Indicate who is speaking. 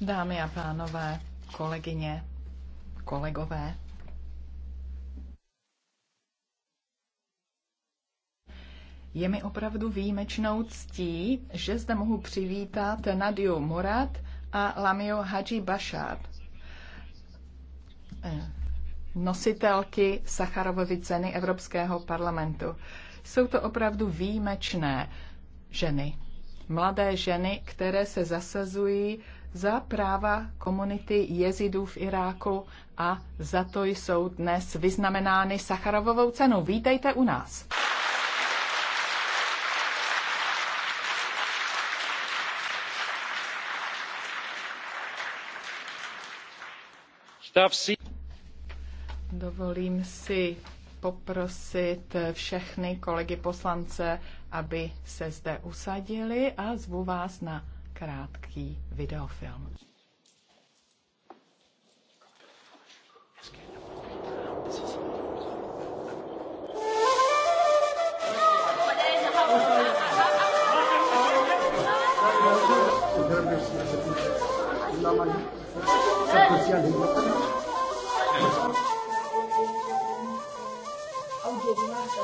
Speaker 1: Dámy a pánové, kolegyně, kolegové. Je mi opravdu výjimečnou ctí, že zde mohu přivítat Nadiu murad a Lamio Haji Bashar, eh, nositelky Sacharovovy ceny Evropského parlamentu. Jsou to opravdu výjimečné ženy mladé ženy, které se zasazují za práva komunity jezidů v Iráku a za to jsou dnes vyznamenány Sacharovovou cenou. Vítejte u nás. Dovolím si poprosit všechny kolegy poslance, aby se zde usadili a zvu vás na krátký videofilm. Gracias.